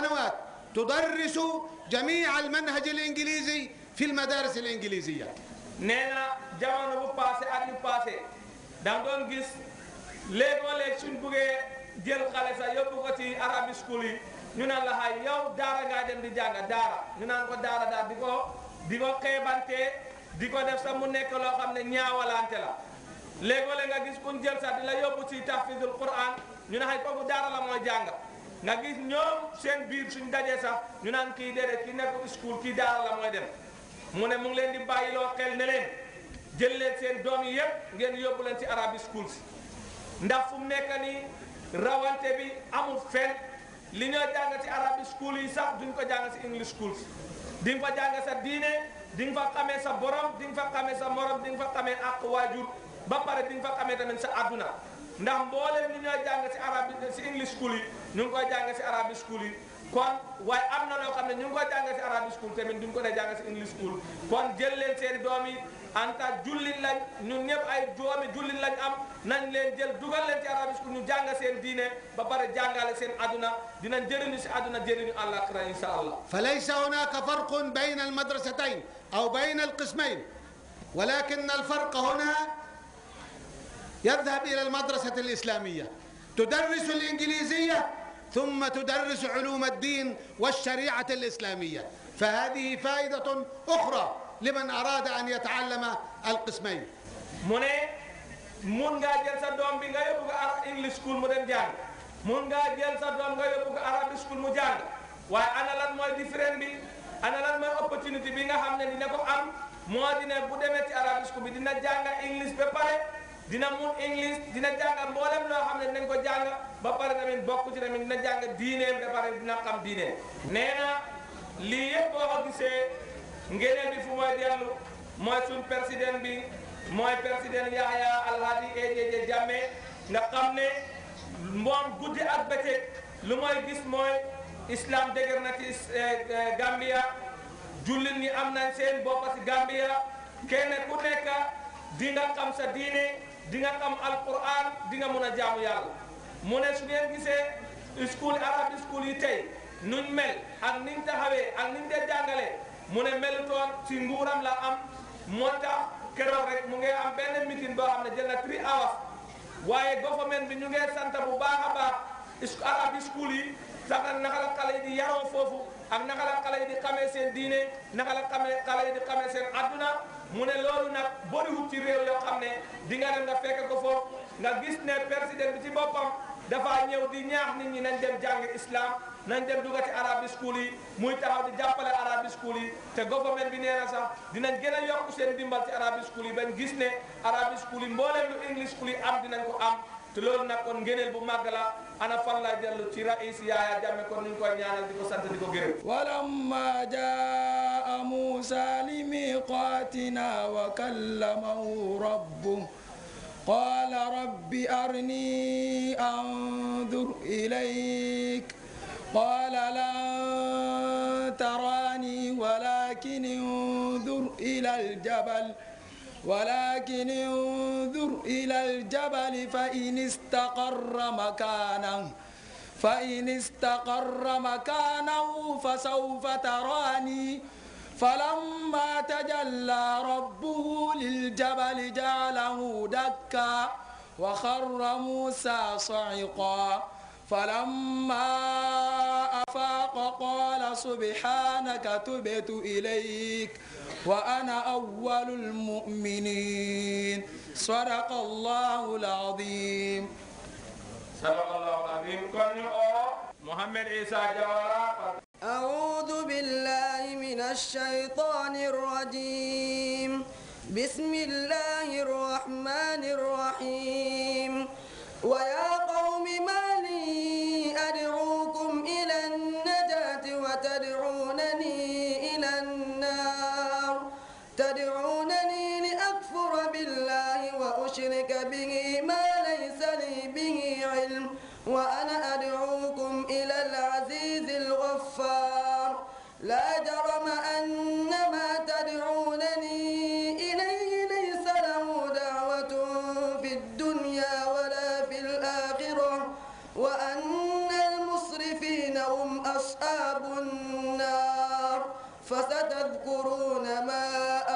سنوات تدرس جميع المنهج الإنجليزي في المدارس الإنجليزية نينا جامعنا بو باسي أدني باسي دان دون جيس ليك وليك سن بوغي جيل خالصا يوبو كتي عربي سكولي ñu naan la xay yow daara nga dem di jàng daara ñu naan ko daara daal di ko di ko xeebante di ko def sa mu nekk loo xam ne ñaawalante la léegoo le nga gis kun jël sa di la yóbbu ci tahfidul quran ñu ne xay kooku daara la mooy jàng nga gis ñoom seen biir suñ dajee sax ñu naan kii déedéet ki nekk school kii daal la mooy dem mu ne mu ngi leen di bàyyiloo xel ne leen jël leen seen doom yi yëpp ngeen yóbbu leen ci arabi school si ndax fu mu nekk nii rawante bi amul fenn li ñoo jàng ci arabi school yi sax duñ ko jàng ci english school si di nga fa jàng sa diine di nga fa xamee sa borom di nga fa xamee sa morom di nga fa xamee ak waajur ba pare di nga fa xamee tamit sa àdduna ndax mbolé li ñoy jàng ci arabe ci english school yi ñu ngi koy jàng ci arabe school yi kon way amna lo xamné ñu ngi koy jàng ci arabe school té min duñ ko né jàng ci english school kon jël leen seen doom yi anta jullit lañ ñun ñëpp ay doomi jullit lañ am nañ leen jël dugal leen ci arabe school ñu jàng seen diine ba bari jàngale seen aduna dinañ jërëñu ci aduna jërëñu allah àllaaxira insha allah laysa hunaka farqun bayna al madrasatayn aw bayna al qismayn ولكن الفرق هنا يذهب إلى المدرسة الإسلامية تدرس الإنجليزية ثم تدرس علوم الدين والشريعة الإسلامية فهذه فائدة أخرى لمن أراد أن يتعلم القسمين موني مون جيل سا دوم بيغا يوبو ار انجليش سكول مو جان مون جيل سا دوم غا يوبو عربي سكول مو جان واي انا ديفرين بي انا لان موي اوبورتونيتي بيغا خامني دي نكو ام مو دي ن بو ديمي تي عربي سكول بي dina mun english dina jàng mboolem loo xam ne dinañ ko jàng ba pare tamit bokk ci tamit dina jàng diineem ba pare dina xam diineem nee na lii yëpp boo ko gisee ngeneen bi fu mooy dellu mooy suñ président bi mooy président Yahya Alhaji AJJ Jammeh nga xam ne moom guddi ak bëccëg lu mooy gis mooy islam dëgër na ci eh, eh, Gambia jullit ñi am na seen bopp ci Gambia kenn ku nekk di xam sa diine di nga xam alquran di nga mën a jaamu yàlla mu ne su ngeen gisee school arabe school yi tey nuñ mel ak niñ taxawee a niñ dee jàngalee mu ne melutoon ci nguuram la am moo tax keroog rek mu ngi am benn meeting boo xam ne jël na three hours waaye government bi ñu ngee sant bu baax a baax arabe school yi sax naka la xale yi yaroo foofu. ak naka la xale yi di xamee seen diine naka la xamee xale yi di xamee seen adduna mu ne loolu nag bëriwut ci réew yoo xam ne di nga dem nga fekk ko foofu nga gis ne président bi ci boppam dafa ñëw di ñaax nit ñi nañ dem jàng islam nañ dem dugati arabi school yi muy taxaw di jàppale arabi school yi te government bi nee na sax dinañ gën a yokk seen dimbal ci arabi school yi bañ gis ne arabi school yi mbooleem lu english school yi am dinañ ko am te loolu nag kon ngëneel bu màgg la ana fan la dellu ci rais Yaaya Jammeh kon ñu ngi koy ñaanal di ko sant di ko gërëm walamma jaa Muusaa li miiqaatinaa wa kallamahu rabbuhu qaala rabbi arnii anzur ilayk قال لن تراني ولكن انظر إلى الجبل ولكن انظر إلى الجبل فإن استقر مكانه فإن استقر مكانه فسوف تراني فلما تجلى ربه للجبل جعله دكا وخر موسى صعقا فلما أفاق قال سبحانك تبت إليك وأنا أول المؤمنين صدق الله العظيم صدق الله العظيم كن محمد عيسى جوارا أعوذ بالله من الشيطان الرجيم بسم الله الرحمن الرحيم ويا وأنا أدعوكم إلى العزيز الغفار لا جرم أن ما تدعونني إليه ليس له دعوة في الدنيا ولا في الآخرة وأن المسرفين هم أصحاب النار فستذكرون ما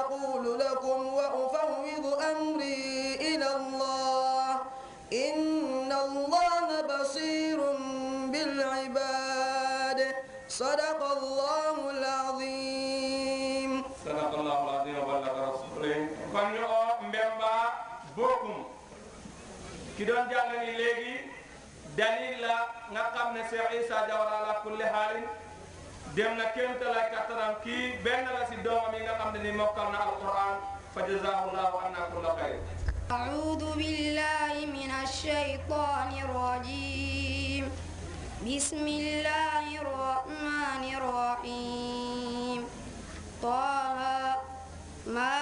أقول لكم وأفوض أمري إلى الله إن صدق الله العظيم صدق الله العظيم وبلغ رسوله كون نيو مبمبا بوكم كي دون جالني لغي dalil la nga xam ne Cheikh Issa Diawara ala kulli xaalin dem na kéemtalaay kattanam kii benn la si doomam nga xam ne ni mokkal na alquran fa jazahullahu anna kulla xayr. أعوذ بالله بسم الله الرحمن الرحيم طه ما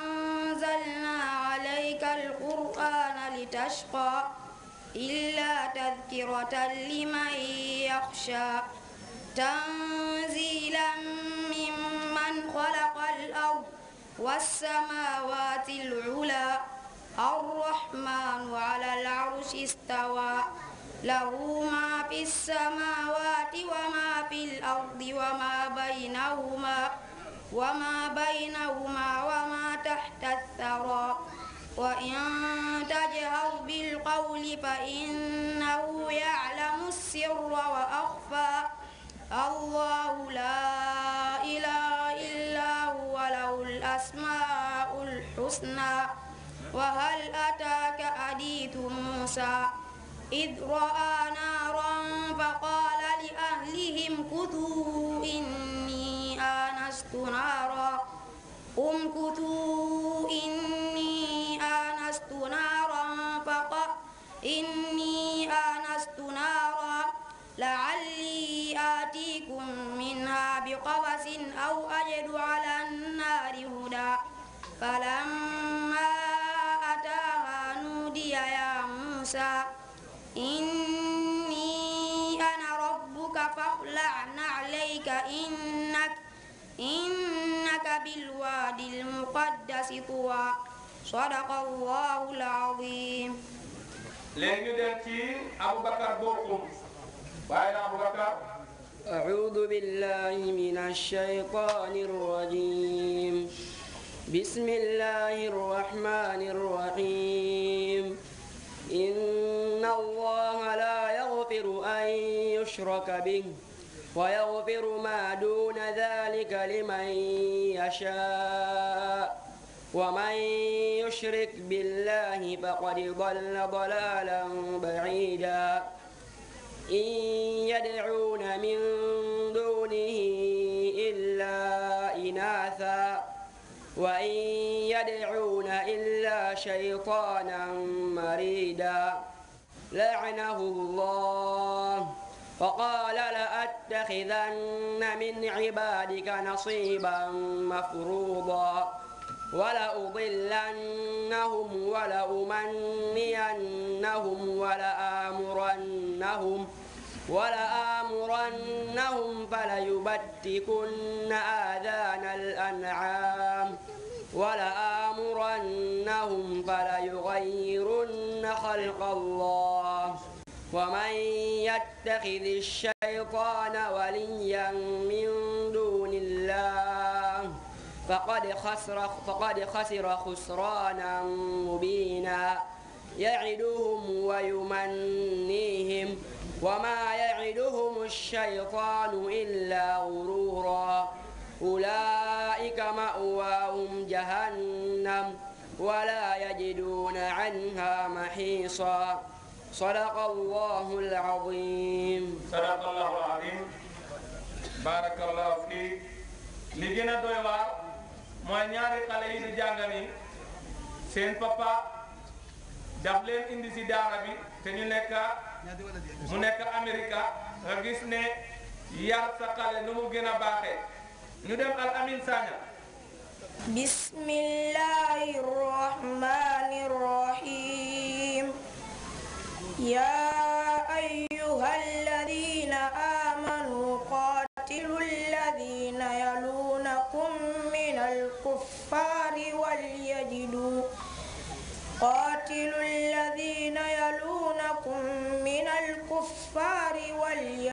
أنزلنا عليك القرآن لتشقى إلا تذكرة لمن يخشى تنزيلا ممن خلق الأرض والسماوات العلى الرحمن على العرش استوى له ما في السماوات وما في الأرض وما بينهما وما بينهما وما تحت الثرى وإن تجهر بالقول فإنه يعلم السر وأخفى الله لا إله إلا هو له الأسماء الحسنى وهل أتاك حديث موسى إذ رأى نارا فقال لأهلهم كثوا إني آنست نارا امكثوا إني آنست نارا إني آنست نارا لعلي آتيكم منها بقبس أو أجد على النار هدى فلما أتاها نودي يا موسى إني أنا ربك فاخلع عليك إنك إنك بالوادي المقدس طوى صدق الله العظيم لأن دنتي أبو بكر بوكم باين أبو بكر أعوذ بالله من الشيطان الرجيم بسم الله الرحمن الرحيم أشرك به ويغفر ما دون ذلك لمن يشاء ومن يشرك بالله فقد ضل ضلالا بعيدا إن يدعون من دونه إلا إناثا وإن يدعون إلا شيطانا مريدا لعنه الله فقال لأتخذن من عبادك نصيبا مفروضا ولأضلنهم ولأمنينهم ولآمرنهم ولآمرنهم فليبتكن آذان الأنعام ولآمرنهم فليغيرن خلق الله ومن يتخذ الشيطان وليا من دون الله فقد خسر فقد خسر خسرانا مبينا يعدهم ويمنيهم وما يعدهم الشيطان إلا غرورا أولئك مأواهم جهنم ولا يجدون عنها محيصا Sadaqallahul azim Sadaqallahul azim barakallahu fi li gën a doy papa daf leen indi si Amerika nga gis ne yar sa xale nu mu amin saña bismillahir يا أيها الذين آمنوا قاتلوا الذين يلونكم من الكفار وليجدوا قاتلوا الذين